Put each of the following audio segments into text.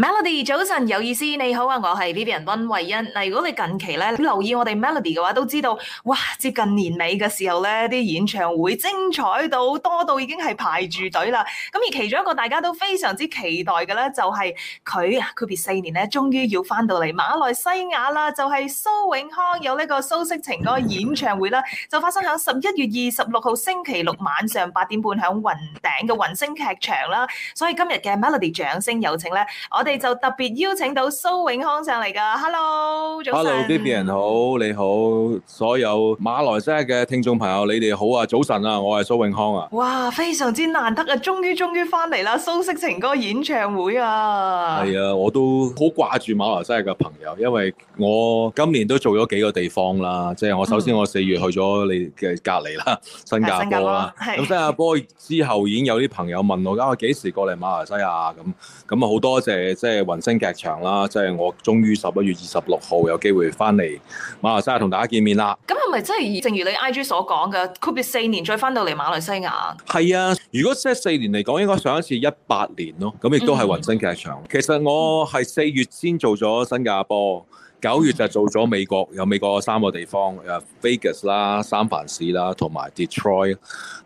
Melody 早晨有意思，你好啊，我係 Vivian 溫慧欣。嗱，如果你近期咧，留意我哋 Melody 嘅話都知道哇，接近年尾嘅時候咧，啲演唱會精彩到多到已經係排住隊啦。咁而其中一個大家都非常之期待嘅咧，就係佢啊，缺席四年咧，終於要翻到嚟馬來西亞啦。就係、是、蘇永康有呢、這個蘇式情歌演唱會啦，就發生響十一月二十六號星期六晚上八點半響雲頂嘅雲星劇場啦。所以今日嘅 Melody 掌聲有請咧，我哋。我哋就特別邀請到蘇永康上嚟㗎，Hello，Hello，BB，啲人好，你好，所有馬來西亞嘅聽眾朋友，你哋好啊，早晨啊，我係蘇永康啊，哇，非常之難得啊，終於終於翻嚟啦，蘇式情歌演唱會啊，係啊，我都好掛住馬來西亞嘅朋友，因為我今年都做咗幾個地方啦，即係我首先我四月去咗你嘅隔離啦，新加坡啦，咁、嗯、新加坡之後已經有啲朋友問我，我、啊、幾時過嚟馬來西亞咁、啊，咁好多謝。即係雲星劇場啦，即係我終於十一月二十六號有機會翻嚟馬來西亞同大家見面啦。咁係咪真係正如你 I G 所講嘅，闊別四年再翻到嚟馬來西亞？係啊，如果即係四年嚟講，應該上一次一八年咯，咁亦都係雲星劇場。嗯、其實我係四月先做咗新加坡。九月就做咗美國，有美國有三個地方，誒，Vegas 啦、三藩市啦，同埋 Detroit。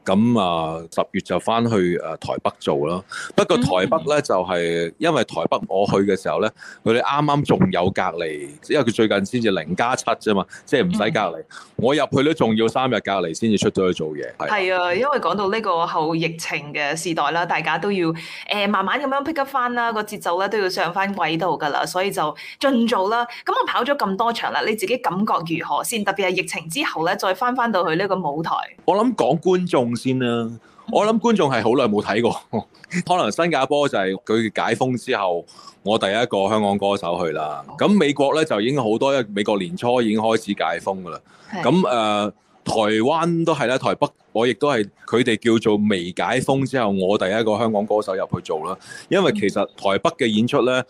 咁啊，十月就翻去誒台北做啦。不過台北咧就係因為台北我去嘅時候咧，佢哋啱啱仲有隔離，因為佢最近先至零加七啫嘛，即係唔使隔離。我入去都仲要三日隔離先至出咗去做嘢。係啊，因為講到呢個後疫情嘅時代啦，大家都要誒、呃、慢慢咁樣 pick up 翻啦，個節奏咧都要上翻軌道㗎啦，所以就盡做啦。咁跑咗咁多場啦，你自己感覺如何先？特別係疫情之後咧，再返返到去呢個舞台。我諗講觀眾先啦，我諗觀眾係好耐冇睇過。 可能新加坡就係佢解封之後，我第一個香港歌手去啦。咁美國咧就已經好多，一美國年初已經開始解封㗎啦。咁誒、呃，台灣都係啦，台北我亦都係佢哋叫做未解封之後，我第一個香港歌手入去做啦。因為其實台北嘅演出咧。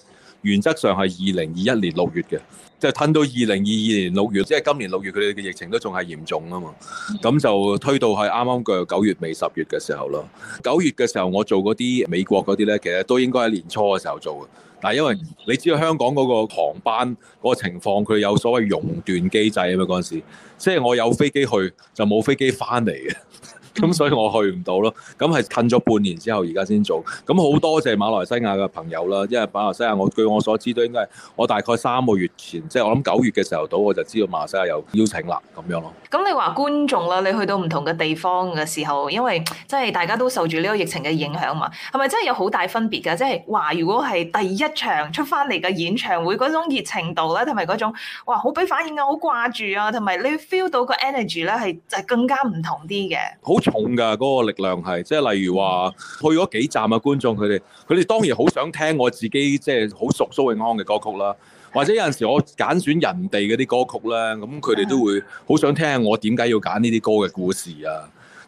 原則上係二零二一年六月嘅，即係褪到二零二二年六月，即係今年六月佢哋嘅疫情都仲係嚴重啊嘛，咁就推到係啱啱嘅九月尾十月嘅時候咯。九月嘅時候我做嗰啲美國嗰啲呢，其實都應該喺年初嘅時候做嘅，但係因為你知道香港嗰個航班嗰個情況，佢有所謂熔斷機制啊嘛嗰陣時，即係我有飛機去就冇飛機翻嚟嘅。咁、嗯、所以我去唔到咯，咁係近咗半年之後而家先做。咁好多謝馬來西亞嘅朋友啦，因為馬來西亞我據我所知都應該係我大概三個月前，即係我諗九月嘅時候到，我就知道馬來西亞有邀請啦，咁樣咯。咁、嗯、你話觀眾啦，你去到唔同嘅地方嘅時候，因為即係大家都受住呢個疫情嘅影響嘛，係咪真係有好大分別㗎？即係話如果係第一場出翻嚟嘅演唱會嗰種熱情度咧，同埋嗰種哇好俾反應啊，好掛住啊，同埋你 feel 到個 energy 咧係就係更加唔同啲嘅。好。重嘅嗰個力量係，即係例如話去咗幾站嘅觀眾佢哋，佢哋當然好想聽我自己即係好熟蘇永康嘅歌曲啦，或者有陣時我揀選人哋嗰啲歌曲咧，咁佢哋都會好想聽我點解要揀呢啲歌嘅故事啊，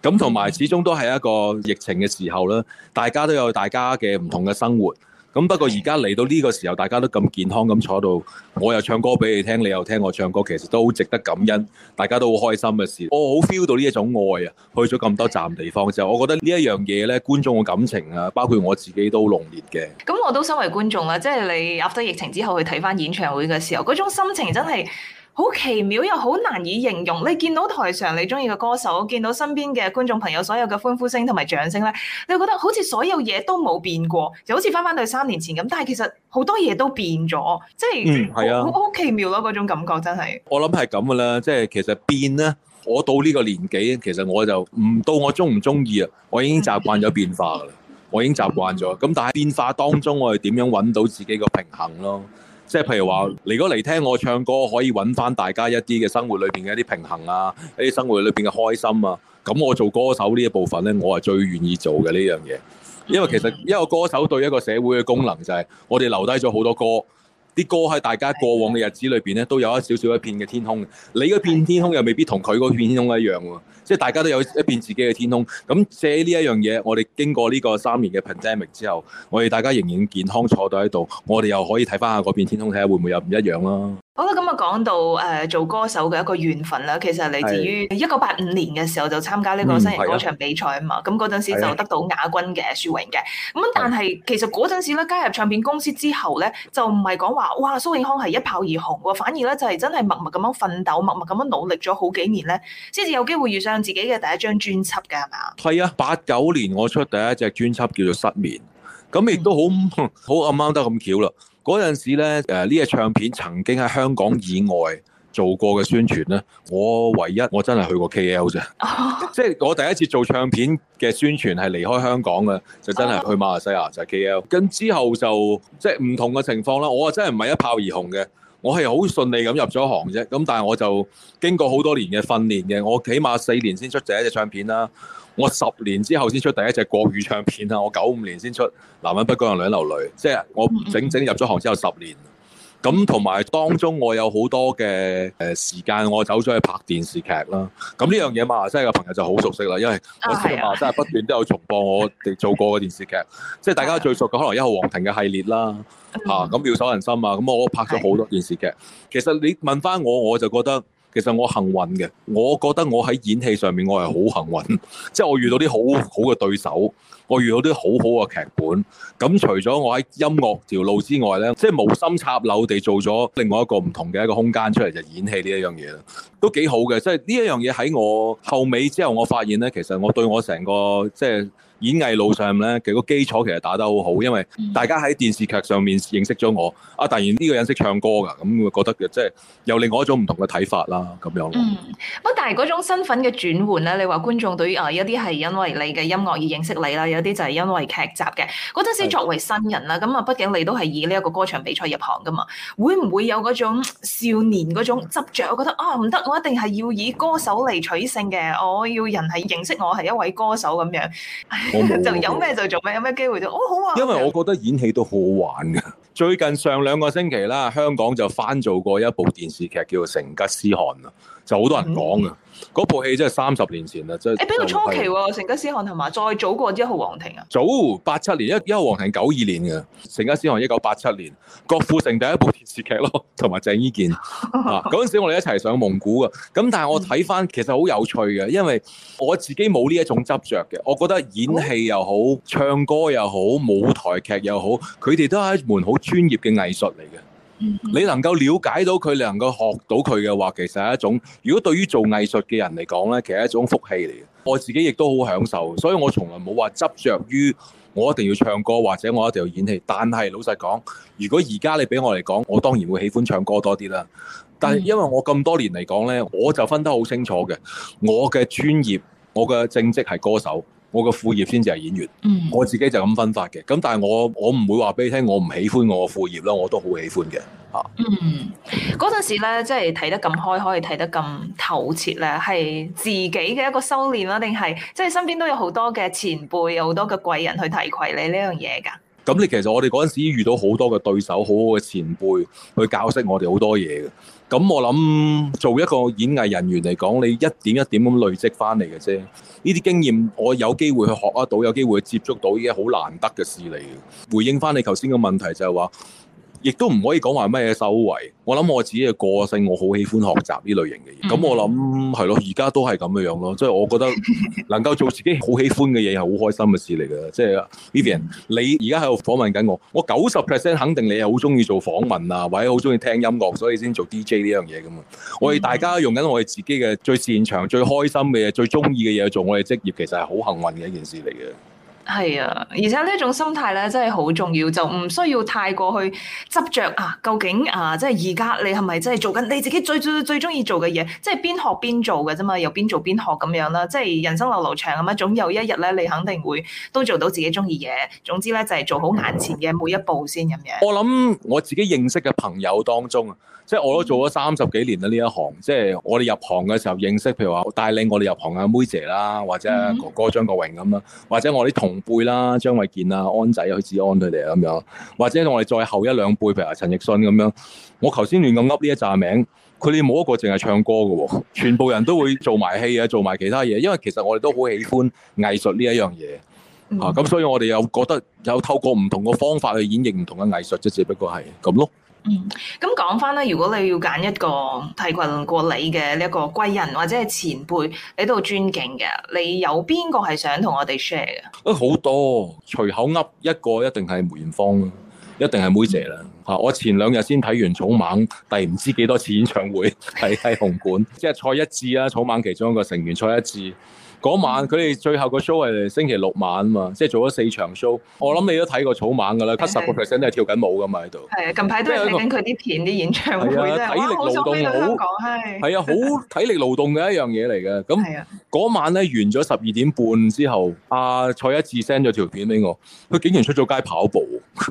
咁同埋始終都係一個疫情嘅時候啦，大家都有大家嘅唔同嘅生活。咁、嗯、不過而家嚟到呢個時候，大家都咁健康咁坐到，我又唱歌俾你聽，你又聽我唱歌，其實都好值得感恩，大家都好開心嘅事，我好 feel 到呢一種愛啊！去咗咁多站地方之後，我覺得呢一樣嘢呢，觀眾嘅感情啊，包括我自己都濃烈嘅。咁我都身為觀眾啦，即、就、係、是、你壓低疫情之後去睇翻演唱會嘅時候，嗰種心情真係～好奇妙又好難以形容，你見到台上你中意嘅歌手，見到身邊嘅觀眾朋友所有嘅歡呼聲同埋掌聲咧，你會覺得好似所有嘢都冇變過，就好似翻返去三年前咁。但係其實好多嘢都變咗，即係好好奇妙咯、啊，嗰種感覺真係。我諗係咁嘅啦，即係其實變咧，我到呢個年紀，其實我就唔到我中唔中意啊，我已經習慣咗變化㗎啦， 我已經習慣咗。咁但係變化當中，我係點樣揾到自己個平衡咯？即係譬如話，如果嚟聽我唱歌，可以揾翻大家一啲嘅生活裏邊嘅一啲平衡啊，一啲生活裏邊嘅開心啊，咁我做歌手呢一部分呢，我係最願意做嘅呢樣嘢，因為其實一個歌手對一個社會嘅功能就係，我哋留低咗好多歌。啲歌喺大家過往嘅日子裏邊咧，都有一少少一片嘅天空。你嗰片天空又未必同佢嗰片天空一樣喎。即係大家都有一片自己嘅天空。咁借呢一樣嘢，我哋經過呢個三年嘅 pandemic 之後，我哋大家仍然健康坐到喺度，我哋又可以睇翻下嗰片天空，睇下會唔會又唔一樣咯。好啦，咁啊，講到誒，做歌手嘅一個緣分啦，其實嚟自於一九八五年嘅時候就參加呢個新人歌唱比賽，嗯、啊嘛，咁嗰陣時就得到亞軍嘅殊榮嘅。咁、啊、但係其實嗰陣時咧，加入唱片公司之後咧，就唔係講話哇，蘇永康係一炮而紅嘅，反而咧就係真係默默咁樣奮鬥，默默咁樣努力咗好幾年咧，先至有機會遇上自己嘅第一張專輯嘅係嘛？係啊，八九年我出第一隻專輯叫做《失眠》，咁亦都好好啱得咁巧啦。 嗰陣時咧，誒呢隻唱片曾經喺香港以外做過嘅宣傳咧，我唯一我真係去過 KL 啫，即 係我第一次做唱片嘅宣傳係離開香港嘅，就真係去馬來西亞就係、是、KL。跟之後就即係唔同嘅情況啦。我啊真係唔係一炮而紅嘅，我係好順利咁入咗行啫。咁但係我就經過好多年嘅訓練嘅，我起碼四年先出第一隻唱片啦。我十年之後先出第一隻國語唱片啊！我九五年先出《男人不該讓女人流淚》，即係我整整入咗行之後十年。咁同埋當中我有好多嘅誒時間，我走出去拍電視劇啦。咁呢樣嘢馬來西亞嘅朋友就好熟悉啦，因為我知道馬來西亞不斷都有重播我哋做過嘅電視劇，oh, yeah. 即係大家最熟嘅可能《一號皇庭》嘅系列啦。嚇咁、oh, yeah. 啊、妙手仁心啊！咁我拍咗好多電視劇。Oh, yeah. 其實你問翻我，我就覺得。其實我幸運嘅，我覺得我喺演戲上面我係好幸運，即 係我遇到啲好好嘅對手，我遇到啲好好嘅劇本。咁除咗我喺音樂條路之外呢，即係無心插柳地做咗另外一個唔同嘅一個空間出嚟，就演戲呢一樣嘢啦，都幾好嘅。即係呢一樣嘢喺我後尾之後，我發現呢，其實我對我成個即係，就是演藝路上咧，佢個基礎其實打得好好，因為大家喺電視劇上面認識咗我，啊突然呢個人識唱歌噶，咁覺得即係有另外一種唔同嘅睇法啦，咁樣。嗯，不但係嗰種身份嘅轉換咧，你話觀眾對於啊有啲係因為你嘅音樂而認識你啦，有啲就係因為劇集嘅嗰陣時作為新人啦，咁啊的畢竟你都係以呢一個歌唱比賽入行噶嘛，會唔會有嗰種少年嗰種執著？我覺得啊唔得，我一定係要以歌手嚟取勝嘅，我要人係認識我係一位歌手咁樣。有就有咩就做咩，有咩機會就哦好啊！因為我覺得演戲都好好玩噶。最近上兩個星期啦，香港就翻做過一部電視劇叫做《成吉思汗》啊，就好多人講啊。嗯.嗰部戲真係三十年前啦，真係、欸。誒、就是，比較初期喎、啊，《成吉思汗》同埋再早過一、啊早一《一號皇庭》啊？早八七年，《一一號皇庭》九二年嘅，《成吉思汗》一九八七年，郭富城第一部電視劇咯，同埋鄭伊健。嗰陣、 啊、時我哋一齊上蒙古噶，咁但係我睇翻，其實好有趣嘅，因為我自己冇呢一種執着嘅，我覺得演戲又好，唱歌又好，舞台劇又好，佢哋都係一門好專業嘅藝術嚟嘅。你能夠了解到佢，你能夠學到佢嘅話，其實係一種。如果對於做藝術嘅人嚟講呢，其實係一種福氣嚟嘅。我自己亦都好享受，所以我從來冇話執著於我一定要唱歌或者我一定要演戲。但係老實講，如果而家你俾我嚟講，我當然會喜歡唱歌多啲啦。但係因為我咁多年嚟講呢，我就分得好清楚嘅，我嘅專業，我嘅正職係歌手。我個副業先至係演員，嗯、我自己就咁分法嘅。咁但係我我唔會話俾你聽，我唔喜歡我個副業啦，我都好喜歡嘅嚇。啊、嗯，嗰陣時咧，即係睇得咁開、開，可以睇得咁透徹咧，係自己嘅一個修煉啦，定係即係身邊都有好多嘅前輩，有好多嘅貴人去提携你呢樣嘢噶。咁你、嗯、其實我哋嗰陣時遇到好多嘅對手，好好嘅前輩去教識我哋好多嘢嘅。咁我諗做一個演藝人員嚟講，你一點一點咁累積翻嚟嘅啫。呢啲經驗，我有機會去學得到，有機會去接觸到已經好難得嘅事嚟嘅。回應翻你頭先嘅問題就係話。亦都唔可以講話咩嘢收穫。我諗我自己嘅個性，我好喜歡學習呢類型嘅嘢。咁、mm hmm. 我諗係咯，而家都係咁嘅樣咯。即係我覺得能夠做自己好喜歡嘅嘢係好開心嘅事嚟嘅。即係 Vivian，你而家喺度訪問緊我，我九十 percent 肯定你係好中意做訪問啊，或者好中意聽音樂，所以先做 DJ 呢樣嘢咁啊。我哋大家用緊我哋自己嘅最擅長、最開心嘅嘢、最中意嘅嘢做我哋職業，其實係好幸運嘅一件事嚟嘅。係啊，而且呢一種心態咧，真係好重要，就唔需要太過去執着啊。究竟啊，即係而家你係咪真係做緊你自己最最最中意做嘅嘢？即係邊學邊做嘅啫嘛，又邊做邊學咁樣啦。即係人生流流長咁，總有一日咧，你肯定會都做到自己中意嘢。總之咧，就係、是、做好眼前嘅每一步先咁樣。我諗我自己認識嘅朋友當中啊。即係我都做咗三十幾年啦呢一行，即係我哋入行嘅時候認識，譬如話帶領我哋入行阿梅姐啦，或者哥哥張國榮咁啦，或者我啲同輩啦，張衛健啊、安仔許志安佢哋啊咁樣，或者同我哋再後一兩輩，譬如話陳奕迅咁樣。我頭先亂咁噏呢一紮名，佢哋冇一個淨係唱歌㗎喎，全部人都會做埋戲啊，做埋其他嘢，因為其實我哋都好喜歡藝術呢一樣嘢、嗯、啊。咁所以我哋又覺得有透過唔同嘅方法去演繹唔同嘅藝術，即只不過係咁咯。嗯，咁講翻咧，如果你要揀一個提攜過你嘅呢一個貴人或者係前輩你都好尊敬嘅，你有邊個係想同我哋 share 嘅？誒，好多，隨口噏一個，一定係梅艷芳，一定係梅姐啦。嚇！我前兩日先睇完草蜢，第唔知幾多次演唱會喺喺紅館，即係 蔡一智啦，草蜢其中一個成員蔡一智，嗰晚佢哋最後個 show 係星期六晚啊嘛，即係做咗四場 show。我諗你都睇過草蜢噶啦，七十個 percent 都係跳緊舞噶嘛喺度。係啊，近排都有睇佢啲片啲演唱會。係啊，體力勞動好。係啊，好體力勞動嘅一樣嘢嚟嘅。咁嗰晚咧，完咗十二點半之後，阿蔡一智 send 咗條片俾我，佢竟然出咗街跑步。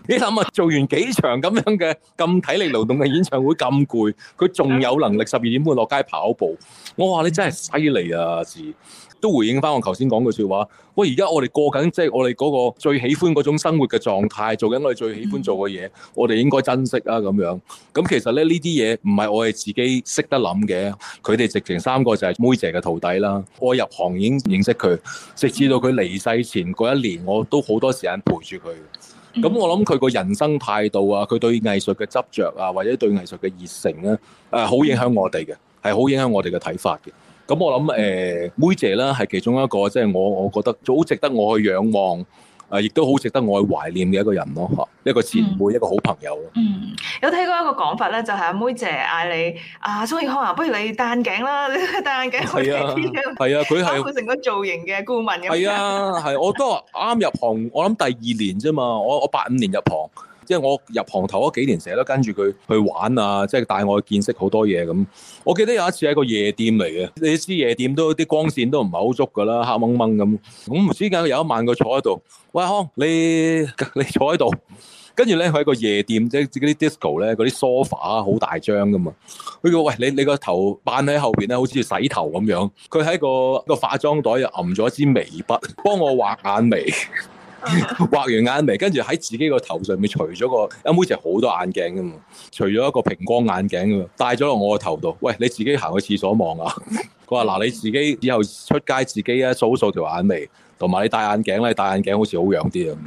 你諗啊，做完幾場咁咁嘅咁體力勞動嘅演唱會咁攰，佢仲有能力十二點半落街跑步。我話你真係犀利啊！阿志都回應翻我頭先講句說話。喂，而家我哋過緊即係我哋嗰個最喜歡嗰種生活嘅狀態，做緊我哋最喜歡做嘅嘢，我哋應該珍惜啊！咁樣咁、嗯嗯嗯、其實咧呢啲嘢唔係我哋自己識得諗嘅。佢哋直情三個就係妹姐嘅徒弟啦。我入行已經認識佢，直至到佢離世前嗰一年，我都好多時間陪住佢。咁我諗佢個人生態度啊，佢對藝術嘅執著啊，或者對藝術嘅熱誠咧，誒好影響我哋嘅，係好影響我哋嘅睇法嘅。咁我諗誒，妹姐咧係其中一個，即係我我覺得好值得我去仰望。啊！亦都好值得我懷念嘅一個人咯，嚇一個前輩，一個好朋友咯、嗯。嗯，有睇過一個講法咧，就係、是、阿妹姐嗌你啊，蘇永康啊，不如你戴眼鏡啦，你戴眼鏡可以。係啊，佢係。啊，佢係、啊。成個造型嘅顧問咁。係啊，係、啊 啊，我都話啱入行，我諗第二年啫嘛，我我八五年入行。即係我入行頭嗰幾年，成日都跟住佢去玩啊！即係帶我去見識好多嘢咁。我記得有一次喺個夜店嚟嘅，你知夜店都啲光線都唔係好足㗎啦，黑掹掹咁。咁唔知點解有一晚佢坐喺度，喂，康，你你坐喺度，跟住咧佢喺個夜店即係自己啲 disco 咧，嗰啲 sofa 好大張㗎嘛？佢叫，喂，你你個頭扮喺後邊咧，好似洗頭咁樣。佢喺個個化妝袋入揞咗一支眉筆，幫我畫眼眉。 畫 完眼眉，跟住喺自己個頭上面除咗個阿妹，其實好多眼鏡噶嘛，除咗一個平光眼鏡噶嘛，戴咗落我個頭度。喂，你自己行去廁所望啊！佢話嗱，你自己以後出街自己啊，掃一掃條眼眉，同埋你戴眼鏡咧，戴眼鏡好似好樣啲咁。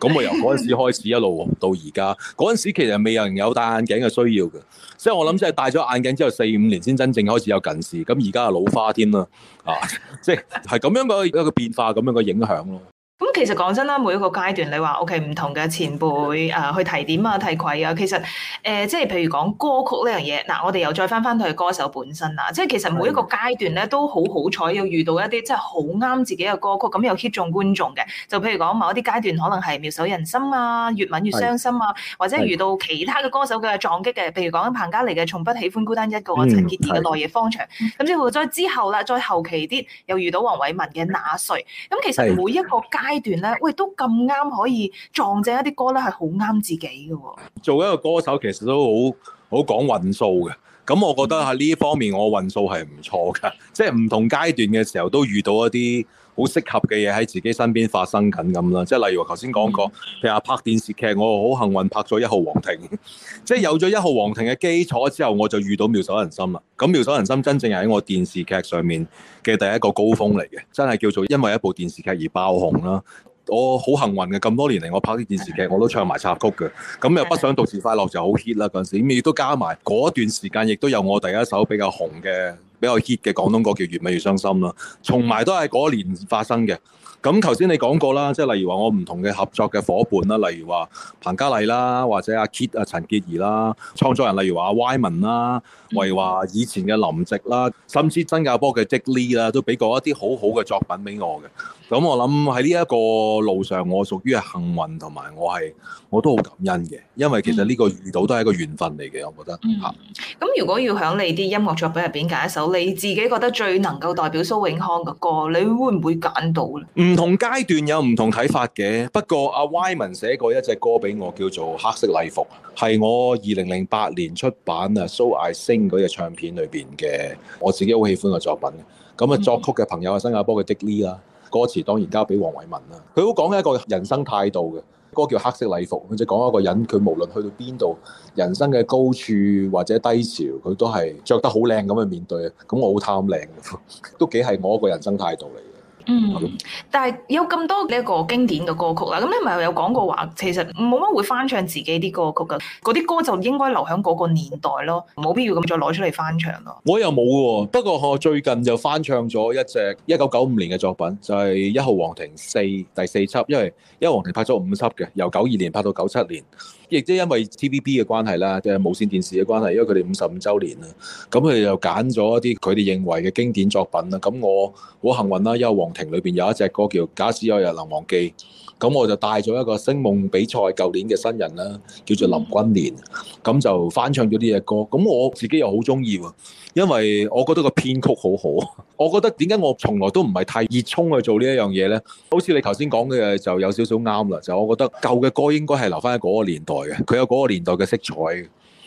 咁我由嗰陣時開始一路到而家，嗰陣時其實未有人有戴眼鏡嘅需要嘅，所以我諗即係戴咗眼鏡之後四五年先真正開始有近視，咁而家係老花添啦。啊，即係係咁樣個一個變化，咁樣個影響咯。咁其實講真啦，每一個階段你話 OK 唔同嘅前輩啊去提點啊提攜啊，其實誒、呃、即係譬如講歌曲呢樣嘢嗱，我哋又再翻翻佢歌手本身啦，即係其實每一個階段咧都好好彩，要遇到一啲真係好啱自己嘅歌曲，咁又 hit 中觀眾嘅。就譬如講某一啲階段可能係妙手人心啊，越吻越傷心啊，是的 或者遇到其他嘅歌手嘅撞擊嘅，譬如講彭嘉莉嘅《從不喜歡孤單一個》，陳潔儀嘅《來夜方長》，咁、 嗯、之後再之後啦，再後期啲又遇到黃偉文嘅《那誰》，咁其實每一個階階段咧，喂，都咁啱可以撞正一啲歌咧，係好啱自己嘅。做一個歌手其實都好好講運數嘅，咁我覺得喺呢一方面我運數係唔錯噶，即係唔同階段嘅時候都遇到一啲。好適合嘅嘢喺自己身邊發生緊咁啦，即係例如我頭先講過，嗯、譬如話拍電視劇，我好幸運拍咗《一號皇庭》，即 係有咗《一號皇庭》嘅基礎之後，我就遇到《妙手仁心》啦。咁、嗯《妙手仁心》真正係喺我電視劇上面嘅第一個高峰嚟嘅，真係叫做因為一部電視劇而爆紅啦。我好幸運嘅，咁多年嚟我拍啲電視劇、嗯、我都唱埋插曲嘅，咁又不想獨自快樂就好 hit 啦嗰陣時，咁亦都加埋嗰段時間，亦都有我第一首比較紅嘅，比較 hit 嘅廣東歌叫《越美越傷心》啊啦，從埋都係嗰年發生嘅。咁頭先你講過啦，即係例如話我唔同嘅合作嘅夥伴啦，例如話彭嘉麗啦，或者阿 Kit 啊、陳潔儀啦，創作人例如話阿 Wyman 啦，例如話以前嘅林夕啦，甚至新加坡嘅 Dick Lee 啦，都俾過一啲好好嘅作品俾我嘅。咁我諗喺呢一個路上我屬於我，我屬於係幸運，同埋我係我都好感恩嘅，因為其實呢個遇到都係一個緣分嚟嘅，我覺得。嗯。咁、嗯、如果要響你啲音樂作品入邊揀一首，你自己覺得最能夠代表蘇永康嘅歌，你會唔會揀到咧？唔同階段有唔同睇法嘅，不過阿 Wyman 寫過一隻歌俾我，叫做《黑色禮服》，係我二零零八年出版啊 So I Sing 嗰隻唱片裏邊嘅，我自己好喜歡嘅作品。咁啊作曲嘅朋友係新加坡嘅 Dick Lee 啦，歌詞當然交俾黃偉文啦。佢好講嘅一個人生態度嘅。嗰個叫黑色禮服，佢就講一個人，佢無論去到邊度，人生嘅高處或者低潮，佢都係着得好靚咁去面對。咁我好貪靚， 都幾係我一個人生態度嚟。嗯，但係有咁多呢一個經典嘅歌曲啦，啊，咁你唔係有講過話，其實冇乜會翻唱自己啲歌曲噶嗰啲歌就應該留喺嗰個年代咯，冇必要咁再攞出嚟翻唱咯，啊。我又冇嘅，不過我最近就翻唱咗一隻一九九五年嘅作品，就係，是《一號皇庭四》第四輯，因為《一號皇庭》拍咗五輯嘅，由九二年拍到九七年。亦即係因為 T.V.B. 嘅關係啦，即係無線電視嘅關係，因為佢哋五十五周年啦，咁佢哋又揀咗一啲佢哋認為嘅經典作品啦。咁我好幸運啦，因為《皇庭》裏邊有一隻歌叫《假使有日能忘記》，咁我就帶咗一個星夢比賽舊年嘅新人啦，叫做林君年，咁就翻唱咗呢隻歌。咁我自己又好中意喎，因為我覺得個編曲好好。 我覺得點解我從來都唔係太熱衷去做呢一樣嘢咧？好似你頭先講嘅就有少少啱啦，就我覺得舊嘅歌應該係留翻喺嗰個年代。佢有嗰個年代嘅色彩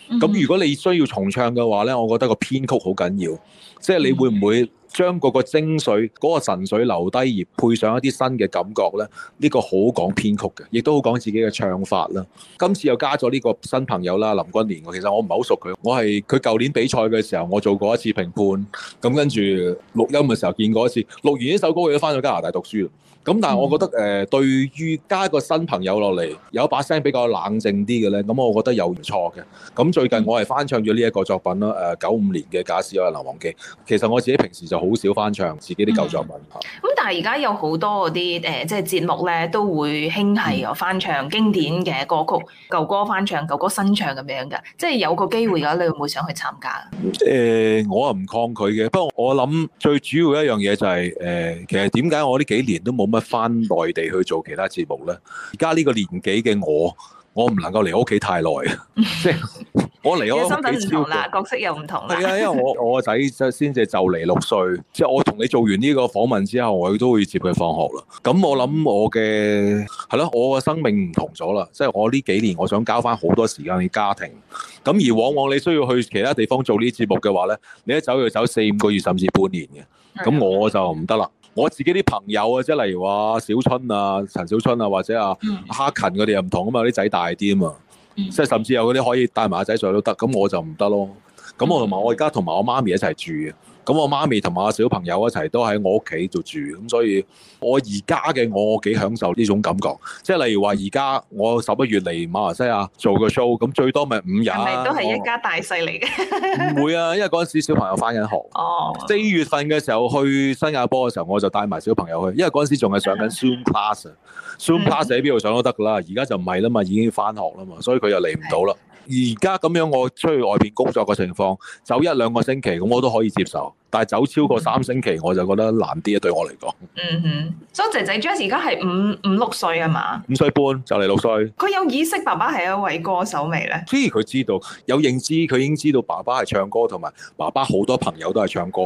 咁、嗯、哼如果你需要重唱嘅話咧，我覺得個編曲好緊要，即係你會唔會。嗯將嗰個精髓、嗰、嗰個神髓留低，而配上一啲新嘅感覺咧，呢、呢個好講編曲嘅，亦都好講自己嘅唱法啦。今次又加咗呢個新朋友啦，林君年。其實我唔係好熟佢，我係佢舊年比賽嘅時候，我做過一次評判，咁跟住錄音嘅時候見過一次。錄完呢首歌，佢都翻咗加拿大讀書啦。咁但係我覺得誒，嗯、對於加一個新朋友落嚟，有一把聲比較冷靜啲嘅咧，咁我覺得有唔錯嘅。咁最近我係翻唱咗呢一個作品啦，誒九五年嘅假使有人忘記。其實我自己平時就好好少翻唱自己啲舊作品，咁、嗯、但係而家有好多嗰啲誒，即係節目咧都會興係翻唱、嗯、經典嘅歌曲，舊歌翻唱，舊歌新唱咁樣嘅，即係有個機會嘅話，你會唔會想去參加？誒、嗯呃，我啊唔抗拒嘅，不過我諗最主要一樣嘢就係、是、誒、呃，其實點解我呢幾年都冇乜返內地去做其他節目咧？而家呢個年紀嘅我，我唔能夠離屋企太耐啊。嗯 我嚟咗唔同啦，角色又唔同啦。係啊，因為我我仔先至就嚟六歲，即係我同你做完呢個訪問之後，我都會接佢放學啦。咁我諗我嘅係咯，我嘅生命唔同咗啦。即係我呢幾年，我想交翻好多時間嘅家庭。咁而往往你需要去其他地方做呢啲節目嘅話咧，你一走要走四五個月，甚至半年嘅。咁我就唔得啦。我自己啲朋友啊，即係例如話小春啊、陳小春啊，或者啊哈勤佢哋又唔同啊、嗯、嘛，啲仔大啲啊嘛。即係甚至有嗰啲可以帶埋仔上去都得，咁我就唔得咯。咁我同埋我而家同埋我媽咪一齊住嘅。咁我媽咪同埋小朋友一齊都喺我屋企度住，咁所以我而家嘅我幾享受呢種感覺。即係例如話，而家我十一月嚟馬來西亞做個 show，咁最多咪五日。係咪都係一家大細嚟嘅。唔 會啊，因為嗰陣時小朋友翻緊學。哦。四月份嘅時候去新加坡嘅時候，我就帶埋小朋友去，因為嗰陣時仲係上緊 zoom class、mm. zoom class，zoom class 喺邊度上都得㗎啦。而家就唔係啦嘛，已經翻學啦嘛，所以佢又嚟唔到啦。而家咁樣我出去外邊工作嘅情況，走一兩個星期咁我都可以接受，但係走超過三星期、mm hmm. 我就覺得難啲啊！對我嚟講，嗯哼、mm，所以仔仔 Jazz 而家係五五六歲啊嘛，五歲半就嚟六歲。佢有意識爸爸係一位歌手未咧？雖然佢知道有認知，佢已經知道爸爸係唱歌，同埋爸爸好多朋友都係唱歌。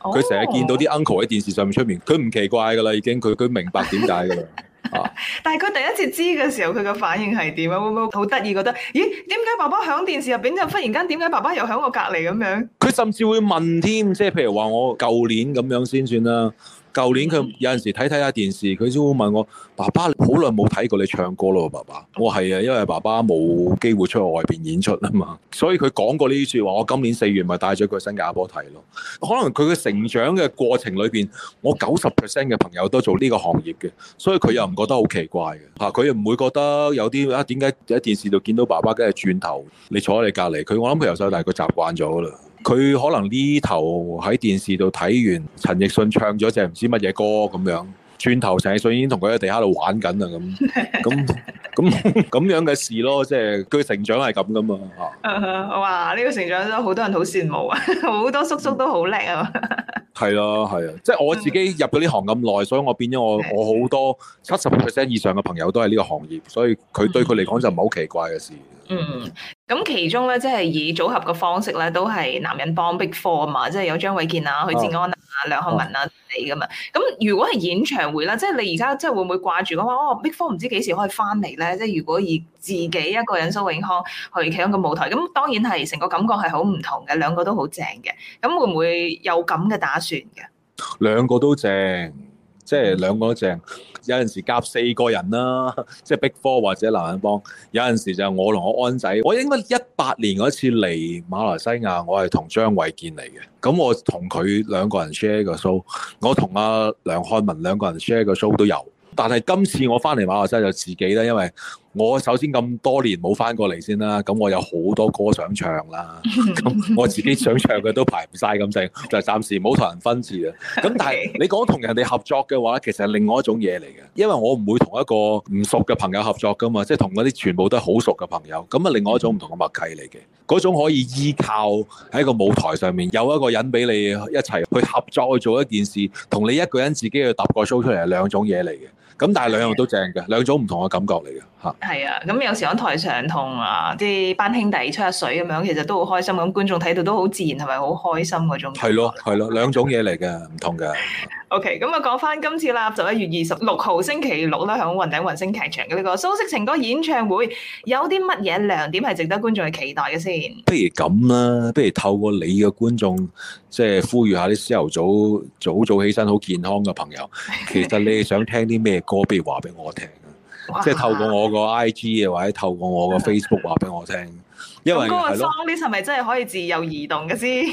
佢成日見到啲 uncle 喺電視上面出面，佢唔奇怪噶啦，已經佢佢明白點解噶啦。 但係佢第一次知嘅時候，佢嘅反應係點啊？會唔會好得意？覺得咦？點解爸爸響電視入邊就忽然間？點解爸爸又響我隔籬咁樣？佢甚至會問添，即係譬如話我舊年咁樣先算啦。舊年佢有陣時睇睇下電視，佢先會問我：爸爸好耐冇睇過你唱歌咯，爸爸。我係啊，因為爸爸冇機會出去外邊演出啊嘛。所以佢講過呢啲説話。我今年四月咪帶咗佢去新加坡睇咯。可能佢嘅成長嘅過程裏邊，我九十 percent 嘅朋友都做呢個行業嘅，所以佢又唔覺得好奇怪嘅。嚇，佢又唔會覺得有啲啊，點解喺電視度見到爸爸，梗係轉頭你坐喺你隔離。佢，我諗佢由細大，佢習慣咗啦。佢可能呢頭喺電視度睇完陳奕迅唱咗隻唔知乜嘢歌咁樣，轉頭陳奕迅已經同佢喺地下度玩緊啦咁，咁咁咁樣嘅 事咯，即係佢成長係咁噶嘛嚇。 哇！呢、這個成長都好多人好羨慕啊，好 多叔叔都好叻 啊。係啊，係啊，即係我自己入咗呢行咁耐，所以我變咗我 我好多七十 percent 以上嘅朋友都係呢個行業，所以佢對佢嚟講就唔係好奇怪嘅事。嗯，咁其中咧，即係以組合嘅方式咧，都係男人幫 Big Four 啊嘛，即係有張衛健啊、許志安啊、啊梁漢文啊你咁啊。咁如果係演唱會啦，即係你而家即係會唔會掛住講話哦 Big Four 唔知幾時可以翻嚟咧？即係如果以自己一個人蘇永康去企喺個舞台，咁當然係成個感覺係好唔同嘅，兩個都好正嘅。咁會唔會有咁嘅打算嘅？兩個都正，即係兩個都正。有陣時夾四個人啦，即係 Big Four 或者男人幫。有陣時就我同我安仔，我應該一八年嗰次嚟馬來西亞，我係同張衛健嚟嘅。咁我同佢兩個人 share 一個 show，我同阿梁漢文兩個人 share 一個 show 都有。但係今次我翻嚟馬來西亞就自己啦，因為。我首先咁多年冇翻過嚟先啦，咁我有好多歌想唱啦，咁 嗯、我自己想唱嘅都排唔晒咁正，就是、暫時冇同人分攤啊。咁但係你講同人哋合作嘅話，其實係另外一種嘢嚟嘅，因為我唔會同一個唔熟嘅朋友合作㗎嘛，即係同嗰啲全部都係好熟嘅朋友。咁啊，另外一種唔同嘅默契嚟嘅，嗰種可以依靠喺個舞台上面有一個人俾你一齊去合作去做一件事，同你一個人自己去揼個 show 出嚟係兩種嘢嚟嘅。咁但係兩樣都正嘅，兩種唔同嘅感覺嚟嘅。係啊，咁有時喺台上同啊啲班兄弟吹下水咁樣，其實都好開心。咁觀眾睇到都好自然，係咪好開心嗰種感覺？係咯，係咯，兩種嘢嚟嘅，唔同嘅。OK，咁啊，講翻今次啦，十一月二十六號星期六啦，喺雲頂雲星劇場嘅呢個《蘇式情歌》演唱會，有啲乜嘢亮點係值得觀眾去期待嘅先？不如咁啦，不如透過你嘅觀眾，即係呼籲下啲朝頭早早早起身好健康嘅朋友，其實你想聽啲咩歌？不 如話俾我聽。即係透過我個 IG 嘅，或者透過我個 Facebook 話畀我聽。嗰個裝啲係咪真係可以自由移動嘅先？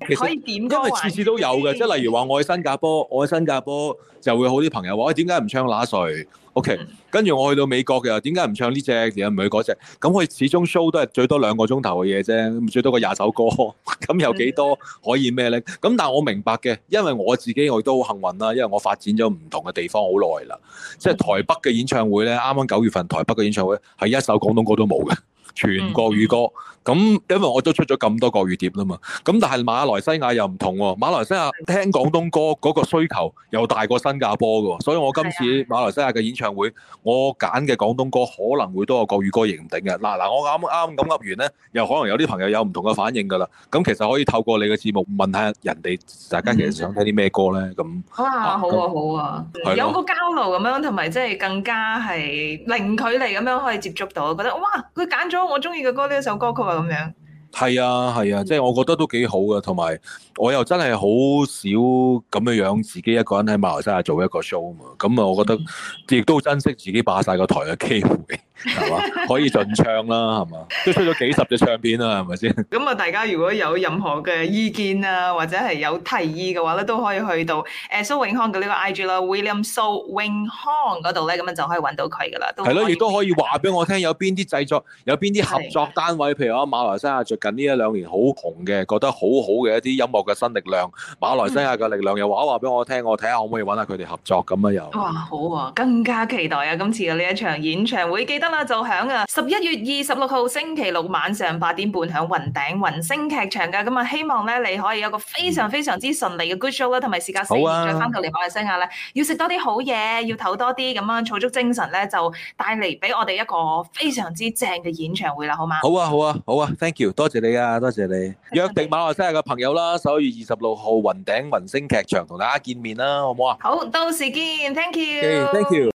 可其實因為次次都有嘅，即係 例如話，我去新加坡， 我去新加坡就會好啲朋友話：喂、哎，點解唔唱那誰？OK，跟住、嗯、我去到美國嘅，點解唔唱呢隻，而唔去嗰隻？咁佢始終 show 都係最多兩個鐘頭嘅嘢啫，最多個廿首歌，咁 有幾多可以咩咧？咁、嗯嗯、但係我明白嘅，因為我自己我都好幸運啦，因為我發展咗唔同嘅地方好耐啦。即係台北嘅演唱會咧，啱啱九月份台北嘅演唱會係一首廣東歌都冇嘅。全國語歌，咁、嗯、因為我都出咗咁多國語碟啦嘛，咁但係馬來西亞又唔同喎、哦，馬來西亞聽廣東歌嗰個需求又大過新加坡嘅，所以我今次馬來西亞嘅演唱會，啊、我揀嘅廣東歌可能會多過國語歌亦唔定嘅。嗱、啊、嗱、啊，我啱啱咁噏完咧，又可能有啲朋友有唔同嘅反應㗎啦。咁其實可以透過你嘅節目問下人哋，大家其實想聽啲咩歌咧？咁好、嗯、啊好啊，啊好啊，有個交流咁樣，同埋即係更加係零距離咁樣可以接觸到，我覺得哇佢揀咗。我中意嘅歌呢一首歌曲啊，咁樣。係啊係啊，即係、啊就是、我覺得都幾好噶，同埋我又真係好少咁樣樣，自己一個人喺馬來西亞做一個 show 嘛。咁啊，我覺得亦都珍惜自己霸晒個台嘅機會。 係 可以盡唱啦，係嘛，都出咗幾十隻唱片啦，係咪先？咁啊，大家如果有任何嘅意見啊，或者係有提議嘅話咧，都可以去到誒蘇永康嘅呢個 IG 啦，William So Wing Hong 嗰度咧，咁樣就可以揾到佢噶啦。係咯，亦都可以話俾我聽，有邊啲製作，的有邊啲合作單位，譬如話馬來西亞最近呢一兩年好紅嘅，覺得好好嘅一啲音樂嘅新力量，馬來西亞嘅力量，又話一話俾我聽，我睇下可唔可以揾下佢哋合作咁樣又、嗯。哇，好啊，更加期待啊！今次嘅呢一場演唱會，記得啦，就響啊十一月二十六號星期六晚上八點半響雲頂雲星劇場噶，咁啊希望咧你可以有個非常非常之順利嘅 good show 啦，同埋時隔四年再翻到嚟馬來西亞咧，要食多啲好嘢，要唞多啲咁樣，儲足精神咧就帶嚟俾我哋一個非常之正嘅演唱會啦，好嘛？好啊，好啊，好啊，thank you，多謝你啊，多謝你，約定馬來西亞嘅朋友啦，十一月二十六號雲頂雲星劇場同大家見面啦，好唔好啊？好，到時見，thank you，thank you。Okay,